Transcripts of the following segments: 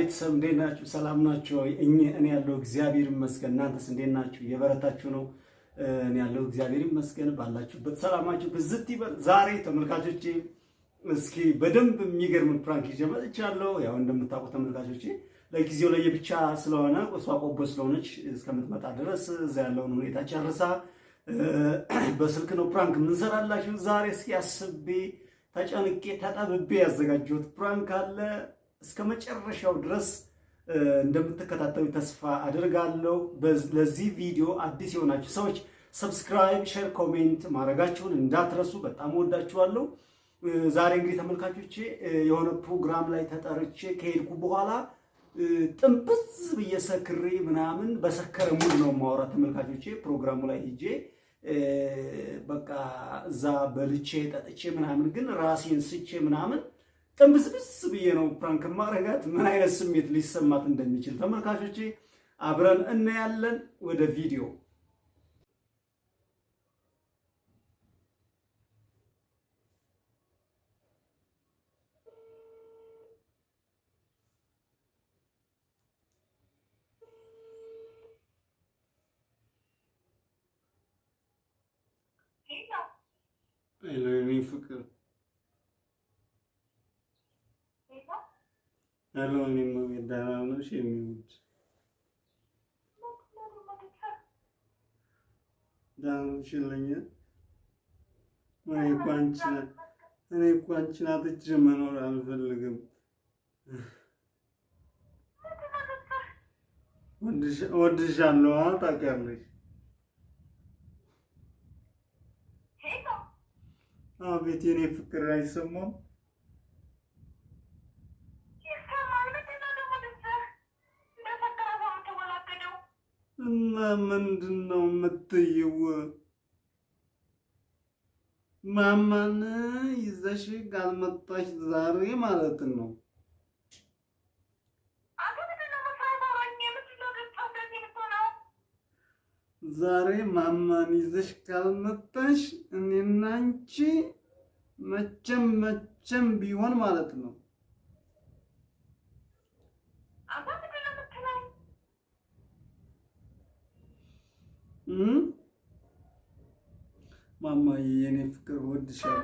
ቤተሰብ እንዴት ናችሁ? ሰላም ናችሁ? እኔ ያለው እግዚአብሔር ይመስገን። እናንተስ እንዴት ናችሁ? የበረታችሁ ነው? እኔ ያለው እግዚአብሔር ይመስገን። ባላችሁበት ሰላማችሁ ብዝት ይበል። ዛሬ ተመልካቾቼ እስኪ በደንብ የሚገርም ፕራንክ ይዤ መጥቻለሁ። ያው እንደምታውቁ ተመልካቾቼ ለጊዜው ለየብቻ ስለሆነ እሷ ቆቦ ስለሆነች እስከምትመጣ ድረስ እዛ ያለውን ሁኔታ ጨርሳ በስልክ ነው ፕራንክ የምንሰራላችሁ ዛሬ። እስኪ አስቤ ተጨንቄ ተጠብቤ ያዘጋጀሁት ፕራንክ አለ እስከ መጨረሻው ድረስ እንደምትከታተሉ ተስፋ አድርጋለሁ። ለዚህ ቪዲዮ አዲስ የሆናችሁ ሰዎች ሰብስክራይብ፣ ሼር፣ ኮሜንት ማድረጋችሁን እንዳትረሱ። በጣም ወዳችኋለሁ። ዛሬ እንግዲህ ተመልካቾቼ የሆነ ፕሮግራም ላይ ተጠርቼ ከሄድኩ በኋላ ጥንብዝ ብዬ ሰክሬ ምናምን በሰከረ ሙድ ነው ማውራት። ተመልካቾቼ ፕሮግራሙ ላይ ሂጄ በቃ እዛ በልቼ ጠጥቼ ምናምን ግን ራሴን ስቼ ምናምን ጥንብስብስ ብዬ ነው ፕራንክ ማረጋት ምን አይነት ስሜት ሊሰማት እንደሚችል ተመልካቾቼ አብረን እናያለን። ወደ ቪዲዮ ፍቅር ያለውን እመቤት ደህና ደህና ነሽ ይለኛል። እኔ እኮ አንቺን አጥቼ መኖር አልፈልግም። ወድሻለሁ፣ ታውቂያለሽ። አቤት የኔ ፍቅር አይሰማም እና ምንድን ነው የምትይው? ማማን ይዘሽ ካልመጣሽ ዛሬ ማለት ነው። ዛሬ ማማን ይዘሽ ካልመጣሽ እኔና አንቺ መቼም መቼም ቢሆን ማለት ነው ማማዬ የኔ ፍቅር ወድሻል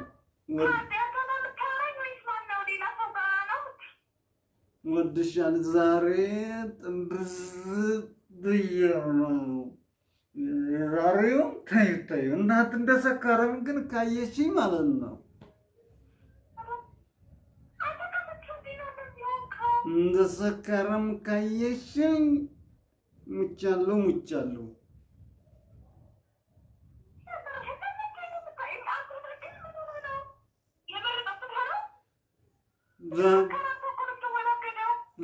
ወድሻለሁ። ዛሬ ጥንብዝ ብዬሽ ነው። ዛሬውም ተይ እናት እንደሰከረም ግን ካየሽኝ ማለት ነው እንደሰከረም ካየሽኝ ሙቻለሁ፣ ሙቻለሁ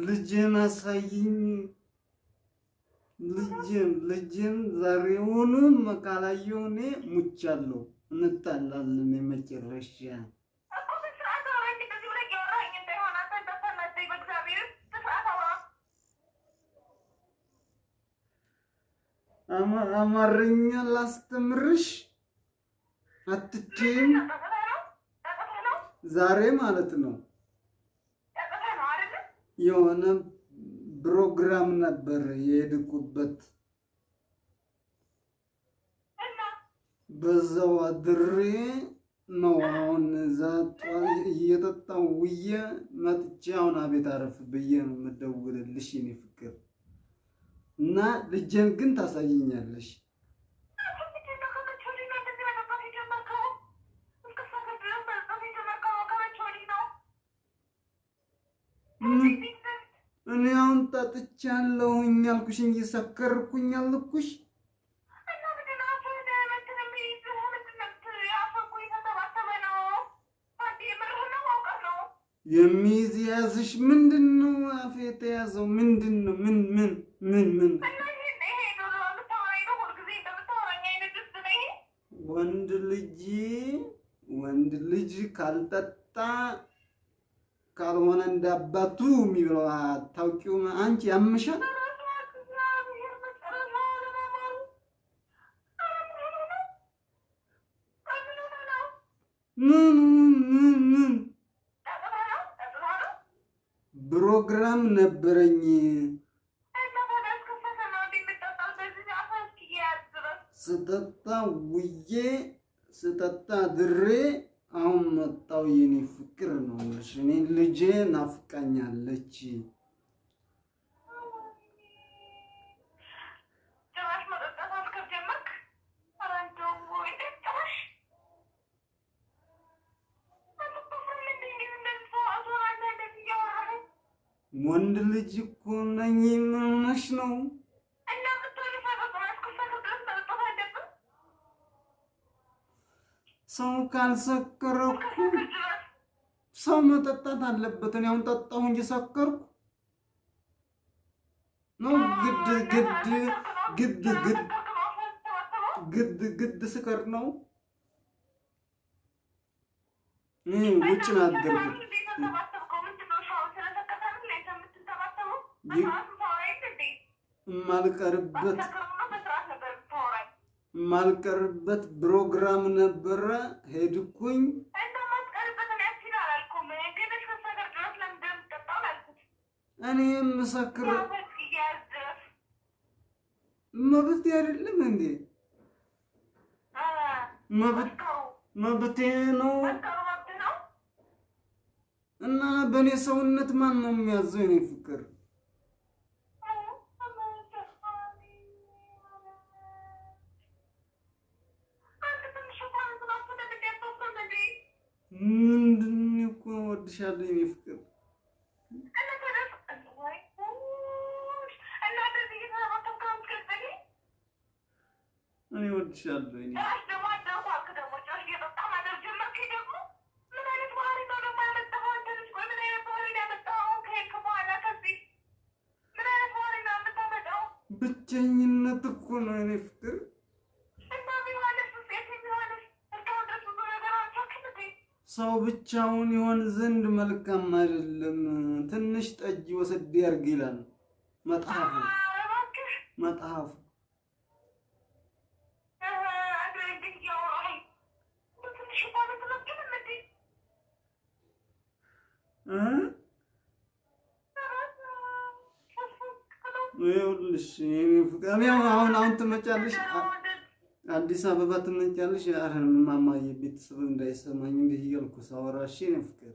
ልጅን አሳይኝ ልጅን ልጄን ዛሬውንም መቃላየው እኔ ሙቻለሁ። እንጣላለን የመጨረሻ አማርኛ ላስተምርሽ አትችይም ዛሬ ማለት ነው። የሆነ ፕሮግራም ነበር የሄድኩበት። በዛው አድሬ ነው አሁን እዛ እየጠጣው ውዬ መጥቼ አሁን አቤት አረፍ ብዬ ነው የምደውልልሽ የኔ ፍቅር እና ልጄን ግን ታሳይኛለሽ። እኔ አሁን ጠጥቻለሁኝ አልኩሽ እንጂ ሰከርኩኝ አልኩሽ። የሚይዝ የያዝሽ ምንድን ነው? አፌ የተያዘው ምንድን ነው? ምን ምን ምን ምን ወንድ ልጅ ወንድ ልጅ ካልጠጣ ካልሆነ እንዳባቱ የሚብለው አታውቂውም አንቺ ያምሻል። ምን ምን ምን ፕሮግራም ነበረኝ። ስጠጣ ውዬ ስጠጣ ድሬ አሁን መጣው የኔ ፍቅር ነው የምልሽ። እኔ ልጄ ናፍቃኛለች። ወንድ ልጅ እኮ ነኝ። ነው? ሰው ካልሰከረኩ ሰው መጠጣት አለበት። እኔ አሁን ጠጣሁ እንጂ ሰከርኩ ነው? ግድ ግድ ግድ ግድ ግድ ግድ ስከር ነው። ውጭ ነው ያደርኩት። የማልቀርበት ማልቀርበት ፕሮግራም ነበረ ሄድኩኝ። እኔ ምሰክር መብት አይደለም እንዴ? መብቴ ነው። እና በእኔ ሰውነት ማን ነው የሚያዘው? የኔ ፍቅር እወድሻለሁ የኔ ፍቅር እኔ እወድሻለሁ የኔ ብቸኝነት እኮ ነው የኔ ፍቅር ሰው ብቻውን ይሆን ዘንድ መልካም አይደለም፣ ትንሽ ጠጅ ወሰድ ያርግ ይላል መጽሐፉ መጽሐፉ ይኸውልሽ። እኔ አሁን አሁን ትመጫለሽ አዲስ አበባ ትመጫለሽ? ኧረ ማማዬ ቤተሰብ እንዳይሰማኝ እንዲህ እያልኩ ሳወራሽ ነው ፍቅር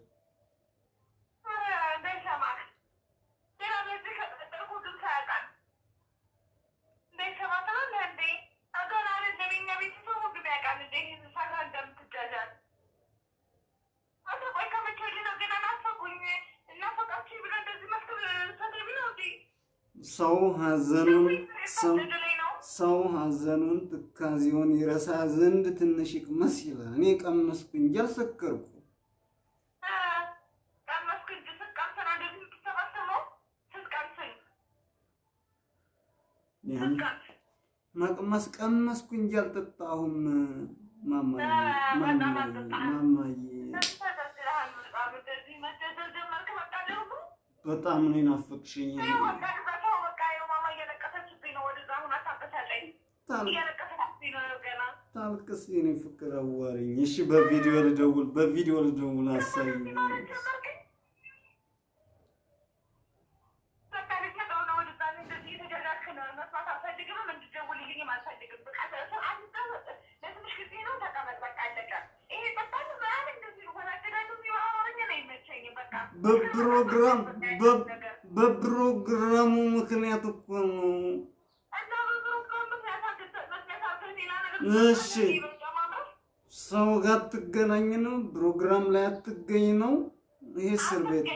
ሰው ሀዘኑን ሰው ሰው ሐዘኑን ትካዜውን ይረሳ ዘንድ ትንሽ ይቅመስ ይላል። እኔ ቀመስኩ እንጂ አልሰከርኩ። መቅመስ ቀመስኩ እንጂ አልጠጣሁም። ማማዬ በጣም ነው የናፈቅሽኝ። ታልቅስ የኔ ፍቅር አዋሪኝ። እሺ በቪዲዮ ልደውል፣ በቪዲዮ ልደውል አሳይ በፕሮግራም በፕሮግራሙ ምክንያት እኮ ነው። እሺ ሰው ጋር አትገናኝ ነው፣ ፕሮግራም ላይ አትገኝ ነው። ይሄ እስር ቤት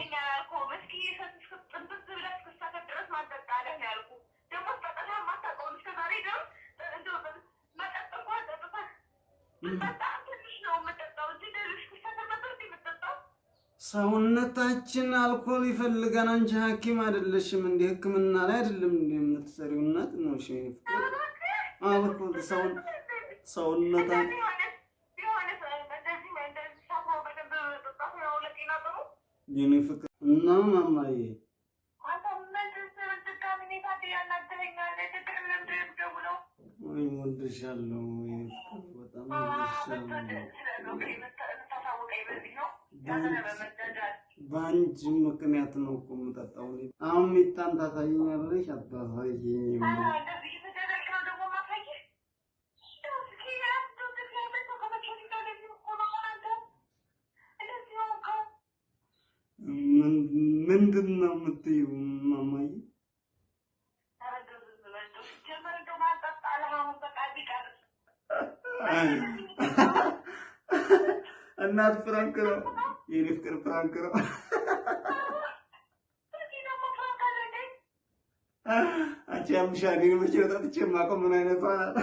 ሰውነታችን አልኮል ይፈልጋል። አንቺ ሐኪም አይደለሽም እንዴ? ሕክምና ላይ አይደለም እንዴ የምትሰሪው? እናት ነው ሽ አልኮል ሰውን ሰውነታ የኔ ፍቅር እና ማማዬ በአንቺ ምክንያት ነው እኮ የምጠጣው። አሁን ሚጣን ታሳይኛለሽ አታሳይኝም? ምንድን ነው የምትይው? ማማዬ እናት ፍራንክ ነው የኔ ፍቅር ፍራንክ ነው። አንቺ ያምሻል። እኔ መቼ ወጣት ቼ የማውቀው ምን አይነቷ ናት?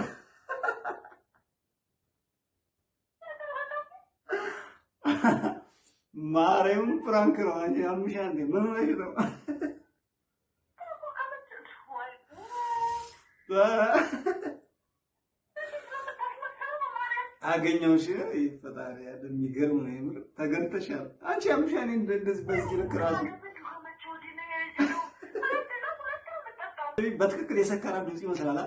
ደግሞ ፕራንክ ነው። አሙሻል ምን ሆነሽ ነው? አገኘሁሽ ፈጣሪ ያለ የሚገርም ነው የምር ተገርተሻል። አንቺ አሙሻል እንደዚህ በዚህ ልክ ራሱ በትክክል የሰከረ ድምፅ ይመስላል።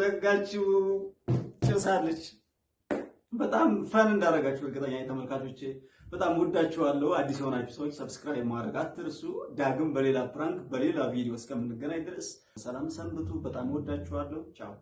ዘጋችው ጭሳለች። በጣም ፈን እንዳደረጋችሁ እርግጠኛ ተመልካቾቼ፣ በጣም ወዳችኋለሁ። አዲስ የሆናችሁ ሰዎች ሰብስክራይብ ማድረግ አትርሱ። ዳግም በሌላ ፕራንክ በሌላ ቪዲዮ እስከምንገናኝ ድረስ ሰላም ሰንብቱ። በጣም ወዳችኋለሁ። ቻው